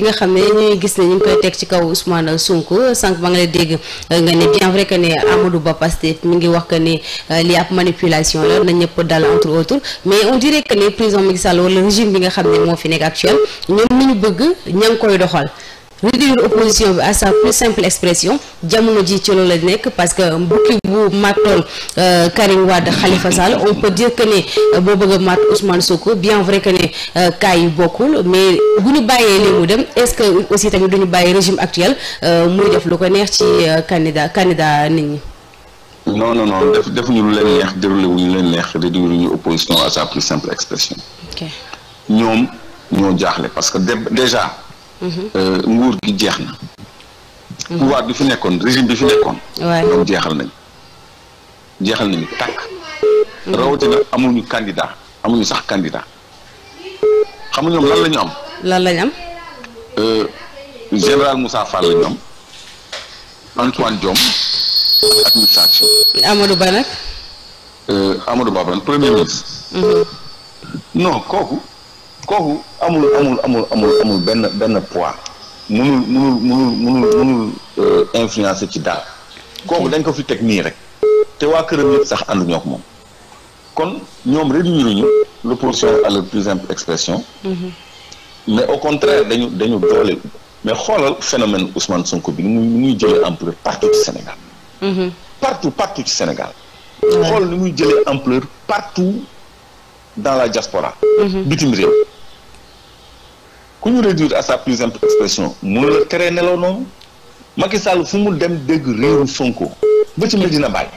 bi nga xam ne ñuy gis ne ñu ngi koy teg ci kaw Ousmane Sonko sànq ba nga lay dégg nga ne bien vrai que ne Amadou Ba Pastef mi ngi wax que ni euh, li ab manipulation la na ñëpp dal entre mais on dirait que ne président Macky Sall wala régime bi nga xam ne moo fi nekk actuel ñoom ni ñu bëgg ña ngi koy doxal réduire opposition bi à sa plus simple expression jamono ji ci loolu la nekk parce que bukki bu màttoon euh, Karim Wade xalifa Sall on peut dire que ne euh, boo bëgg a màtt Ousmane bien vrai que ne euh, cas yi bokkul mais bu ñu bàyyee li mu dem est-ce que aussi tamit duñu bàyyi régime actuel muy def lu ko neex ci candidat candidat nit ñi. non non non def defuñu lu leen neex déroulé ñu leen neex réduire ñu opposition à sa plus simple expression. ñoom ñoo jaaxle parce que déjà. Euh, nguur gi jeex na. Mhm. pouvoir bi fi nekkoon régime bi fi nekkoon. waaye ñoom jeexal nañ jeexal nañu tàkk. Mhm. rawatina amuñu candidat amuñu sax candidat xam nga lan la ñu am. lan la ñu am. Euh, général Moussa Fall la am Antoine Diome administration. Amadou Ba nag. Euh, Amadou Ba premier ministre. Mhm. non kooku. kooku amul amul amul amul amul benn benn poids munul mu munul munul munul euh, influencer ci daal kooku dañ ko fi teg nii rek te waa këram yëpp sax ànduñoo ak moom kon ñoom réduiruñu l'opposition à leur plus simple expression mhm. mais au contraire dañu dañu doole mais xoolal phénomène Ousmane Sonko bi ni muy ni muy jëlee ampleur partout ci Sénégal mhm. partout partout ci Sénégal xool ni muy jëlee ampleur partout dans la diaspora mhm. bitim réew ku ñu réduire à sa plus simple expression mënu la tere nelaw noonu Macky Sall fu mu dem dégg riiru Sonko ba ci Medina Baye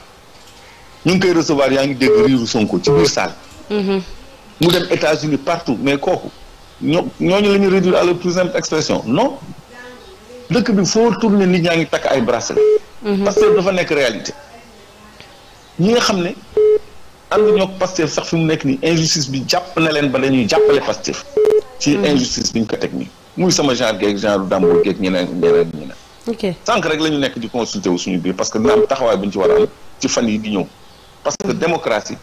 ñu ngi koy recevoir yaa ngi dégg riiru Sonko ci biir salle mm-hmm. mu dem États-Unis partout mais kooku ñoo ñooñu la ñu réduire à la plus expression non dëkk bi foo tourné nit ñaa ngi takk ay bracelet mm-hmm. Pastef dafa nekk réalité ñi nga xam ne ànd ñoo Pastef sax fi mu nekk nii injustice bi jàpp na leen ba dañuy jàppale Pastef ci mhm. injustice bi ñu ko teg nii muy sama genre geeg genre dàmbur geeg ñeneen ñeneen ñeneen. ok rek la ñu nekk di consulter wu suñu biir parce que dina am taxawaay bu ñu ci war a am ci fan yi di ñëw. parce que mhm. démocratie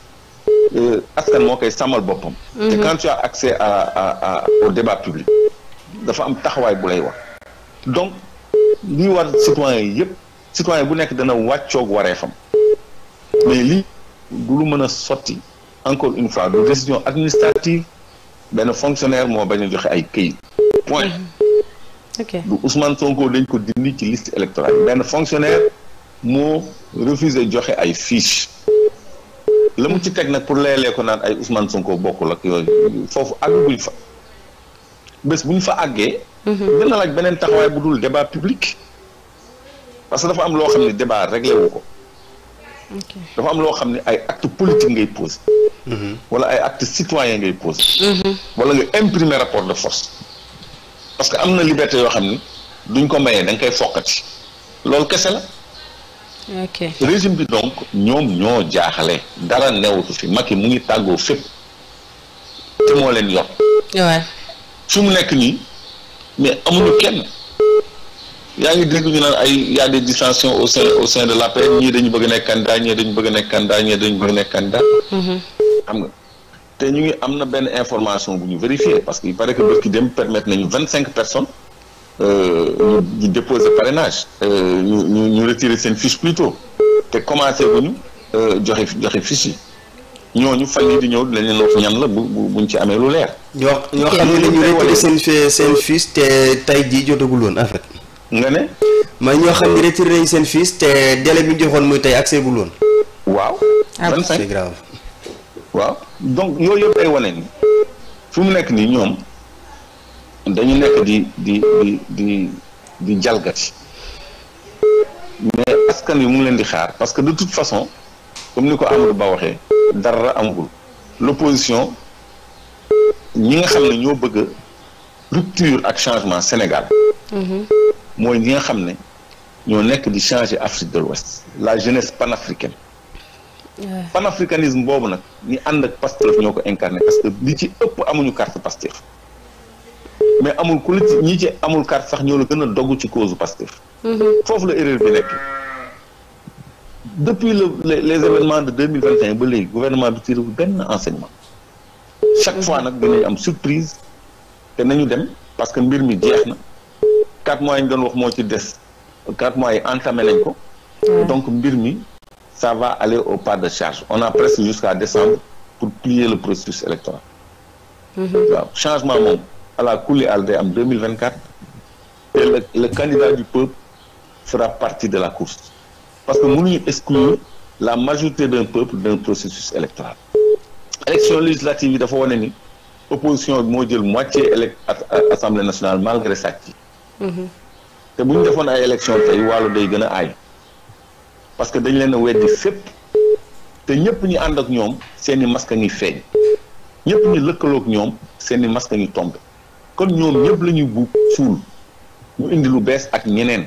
euh, askan moo koy sàmmal boppam. Mhm. te quand tu as accès à à à au débat public dafa am taxawaay bu lay wax. donc li war citoyen yëpp citoyen bu nekk dana waree wareefam mais li du lu mën a sotti encore une fois du décision administrative. benn fonctionnaire moo bañ a joxe ay këyit point mm-hmm. ok du Sonko dañ ko dindi ci liste électorale benn fonctionnaire moo refusé joxe ay fiche la mu ci teg nag pour leelee ko naan ay Ousmane Sonko bokkul ak yooyu foofu àgguñ fa bés bu ñu fa àggee. Mm-hmm. dina laaj beneen taxawaay bu dul débat public. parce que dafa am loo xam ne débat rek wu ko. dafa am loo xam ne ay acte politique ngay posé. Mhm. wala ay acte citoyen ngay posé. Mhm. wala nga imprimer rapport de force. parce que am na liberté yoo xam ni duñ ko mayee da nga koy fokkati loolu kese la. ok régime bi donc ñoom ñoo jaaxale dara newutu fi yi mu ngi tàggoo fépp te moo leen yor. fi mu nekk nii mais amuñu kenn. yaa ngi dégg ñu naan ay y a des dissensions au sein au sein de l'APR ñii dañu bëgg nekk candidat ñii dañu bëgg nekk candidat ñii dañu bëgg nekk candidat mm-hmm. xam nga te ñu ngi am na benn information bu ñu vérifier parce que il paraît que bërki dem permettre nañu vingt cinq personnes euh, ñu déposer parrainage euh, ñu ñu ñu retirer seen fiche plus te commencé bu ñu euh, joxe joxe fiche yi ñooñu fan yii di ñëw dinañ leen wax ñan la bu buñ ci amee lu leer. ñoo ñoo xam ne dañu retirer seen seen te tey jii jotagul woon nga ne. mooy ñoo xam ne retiré nañ seen fiche te délai bi ñu joxoon muy tey accès gul woon. waaw. Ah, c'est grave. waaw donc yooyu yëpp ay wane ni fu mu nekk nii ñoom dañu nekk di di di di di jalgati mais askan wi mu leen di xaar parce que de toute façon comme ni ko Amadou Ba waxee dara amagul l'opposition ñi nga xam ne ñoo bëgg rupture ak changement Sénégal. Mm-hmm. mooy ñi nga xam ne ñoo nekk di changer Afrique de l'Ouest la jeunesse panafricaine panafricanisme boobu nag ñi ànd ak Pastef ñoo ko incarné parce que li ci ëpp amuñu carte Pastef mais amul ku li ci ñi ci amul carte sax ñoo la gën a dogu ci cause Pastef mm-hmm. foofu la erreur bi nekk depuis le les événements de deux mille vingt et un ba léegi gouvernement bi tiré benn enseignement chaque fois nag dinañ am surprise te nañu dem parce que mbir mi jeex na quatre mois yi ñu doon moo ci des quatre mois yi entamé nañ ko donc mbir mi ça va aller au pas de charge on a presque jusqu'à décembre pour plier le processus électoral mhm. changement moom ala kulli al day am 2024 te le le candidat du peuple fera partie de la course parce que mënuñu exclure la majorité d'un peuple d'un processus électoral élection législative yi dafa wane ni opposition bi moo jël moitié élect assemblée nationale malgré sàcc te bu ñu defoon ay élection tey wàllu day gën a aay parce que dañ leen a weddi fépp te ñëpp ñu ànd ak ñoom seen i masque ngi feeñ ñëpp ñu lëkkalook ñoom seeni maska masque ngi tombe kon ñoom ñëpp la ñuy bu suul ñu indi lu bees ak ñeneen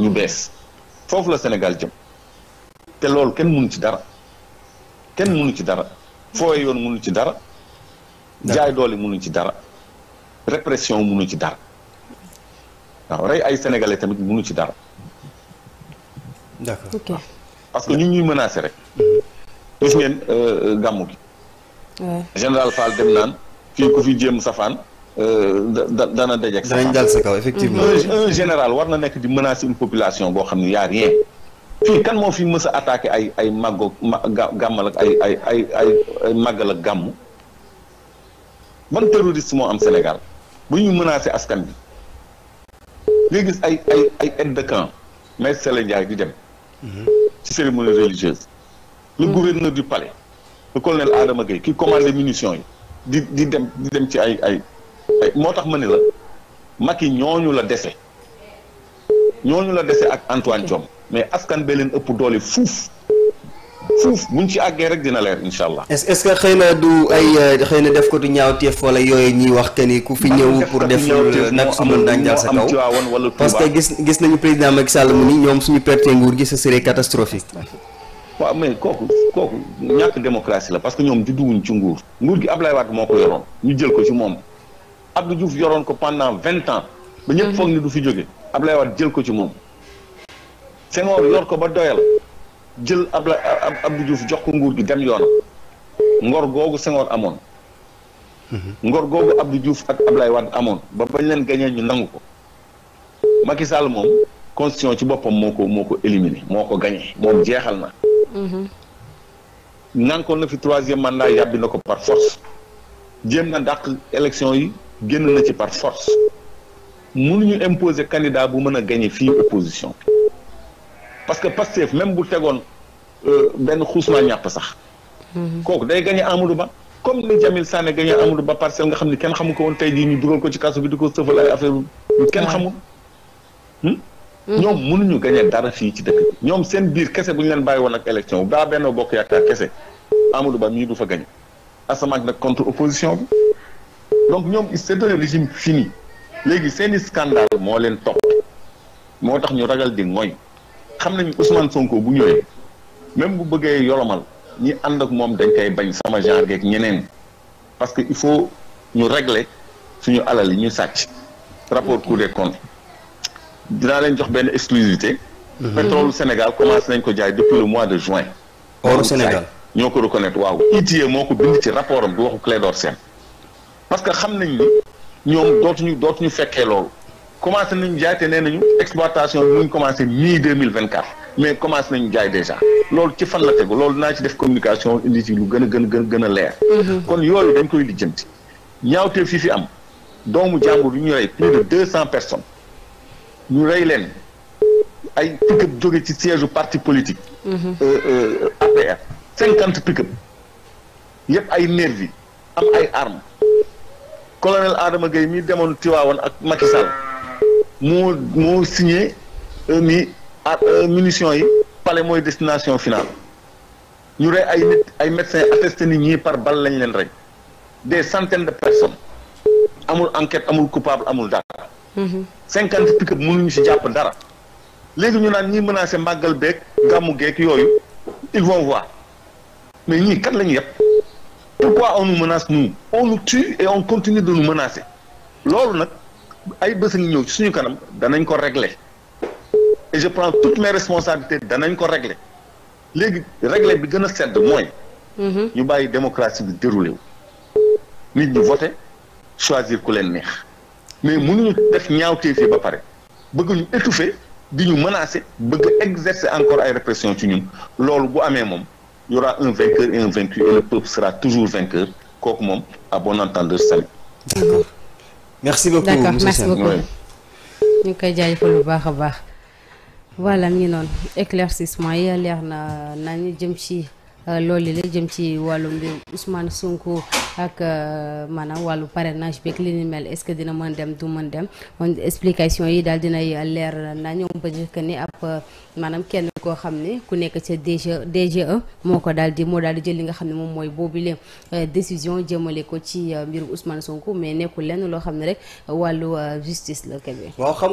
ñu bees foofu la Sénégal jëm te loolu kenn munu ci dara kenn mënu ci dara foo yoon mënu ci dara jaay doole mënu ci dara répression munu ci dara waaw rey ay sénégalais tamit mënu ci dara. parce que ñu ñuy menacé rek. gis ngeen euh, gàmmu gi. général Fall dem naan fii ku fi jéem safaan. Euh, da dana dajeeg safaan danañ dal sa kaw effectivement. général war na nekk di menacer une population boo xam ne y'a rien. fii kan moo fi mës attaque ay ay màggoog ma ak ay ay ay ay ak gàmmu ban terroriste moo am Sénégal bu ñu menacé askan bi. ngay gis ay ay ay aide de camp maître Sélé Ndiaye di dem. Mhm. ci cérémonie religieuse. le mhm. gouverneur du palais. le colonel Adama Gueye ki commandé munitions yi. di di dem dem ci ay ay moo tax ma ne la Macky ñooñu la dese. ñooñu la dese ak Antoine Diome mais askan be leen ëpp doole fuuf. bu buñ ci àggee rek dina leer incha allah. est ce que xëy na du ay euh, xëy na def ko du ñaaw ñaawteef wala yooyu ñuy wax que ni ku fi ñëw pour def euh, nag su mën daan jàll sa kaw parce que gis gis nañu président Macky Sall mu ni ñoom suñu perte nguur gi ce serait catastrophique. waaw mais kooku kooku ñàkk démocratie la parce que ñoom judduwuñ ci nguur nguur gi Ablaye waat moo ko yoroon ñu jël ko ci moom Abdou Diouf yoroon ko pendant vingt ans ba ñëpp foog ni du fi jóge Ablaye Wade jël ko ci moom Senghor yor ko ba doyal jël ab Abla Abdou Diouf jox ko nguur gi dem yoon ngor googu Senghor amoon. ngor googu Abdou Diouf ak Ablaye Wade amoon ba bañ leen gañee ñu nangu ko. Macky Sall moom constitution ci boppam moo ko moo ko éliminé moo ko gañee moom jeexal na. nankoon na fi troisième mandat yàbbi na ko par force. jéem na dàq élection yi génn na ci par force. ñu imposer candidat bu mën a gañe fii opposition parce que Pastef même bu tegoon euh, benn xuusmaa ñàpp sax. Mhm. kooku day gagné Amadou Ba. comme ni Jamil Sané gagné Amadou Ba parcelle nga xam ni kenn xamu ko woon tey jii ñu dugal ko ci kaso bi di ko sëfal ay affaire yu kenn xamul. Hmm? Mhm. ñoom mënuñu gagné dara fii ci dëkk ñoom seen biir kese bu ñu leen bàyyi woon ak élection baa daa benn bokk yaakaar kese Amadou Ba mii du fa gagné. Asamaak nag contre opposition bi. donc ñoom c'est un régime fini léegi seeni scandale moo leen topp moo tax ñu ragal di mooy. xam nañu Ousmane Sonko bu ñëwee même bu bëggee yolomal ñi ànd ak moom dañ koy bañ sama genre geeg ñeneen parce que il faut ñu régler suñu alal yi ñu sàcc rapport Cour des comptes dinaa leen jox benn exclusivité mhm. pétrole Sénégal commencé nañ ko jaay depuis le mois de juin oru Sénégal ñoo ko reconnaître waaw ITIE moo ko bind ci rapport am du waxu Clédor Sène parce que xam nañ ni ñoom dootuñu dootuñu fekkee loolu commencé nañu jaay te nee nañu exploitation bi mu ngi commencé mi 2024 mais commencé nañu jaay déjà loolu ci fan la tegu loolu naa ci def communication indi ci lu gën a gën a gën a leer. Mhm. kon yooyu dañ koy lijjanti. ñaawte fi fi am doomu jàmbur yu ñu rey plus de deux cent personnes leen ay pick-up jóge ci siège parti politique. Mhm. Euh, euh, APR cinquante pick-up yëpp ay nervi am ay armes colonel Adama Gueye mi demoon Tiwaawoon ak Macky moo moo signé mi ak euh, munitions yi pale mooy destination finale ñu rey ay nit ay médecins attesté nit ñi par bal lañ leen rek des centaines de personnes amul enquête amul coupable amul dara. Mm-hmm. cinquante pick-up mënuñu si jàpp dara. léegi ñu naan ñi menacé màggal beeg gàmmu geeg yooyu ils vont voir mais ñii kat lañu ñu yëpp pourquoi on nous menace nous on et on continue de nous loolu nag. ay bés ngi ñëw ci suñu kanam danañ ko régler et je prends toutes mes responsabilités danañ ko régler léegi régler bi gën a sedd mooy. Mhm. ñu bàyyi démocratie bi déroulé wu. nit ñi voté choisir ku leen neex mais mënuñu def ñaaw yi ba pare bëgg ñu étouffer di ñu menacer bëgg exercer encore ay répression ci ñun loolu bu amee moom y aura un vainqueur et un vaincu et le peuple sera toujours vainqueur kooku moom abon bon entendeur salut. merci beaucoup d'accord merci beaucoup ñu ngi koy jaajëfal bu baax a baax. voilà mi ngi noonu éclaircissement yi leer na nañu jëm ci. Euh, loolu la jëm ci wàllu bi Ousmane Sonko ak euh, maanaam wàllu parrainage beeg li ni mel est-ce que dina mën dem du mën dem explication yi daal dinay leer na ñoom ba njëkk ni ab euh, maanaam kenn koo xam ne ku nekk ca DG DGE moo ko daal di moo dal di jël li nga xam ne moom mooy boobu le décision jëmale ko ci mbir Ousmane Sonko mais nekkul lenn loo xam ne rek wàllu justice la kebe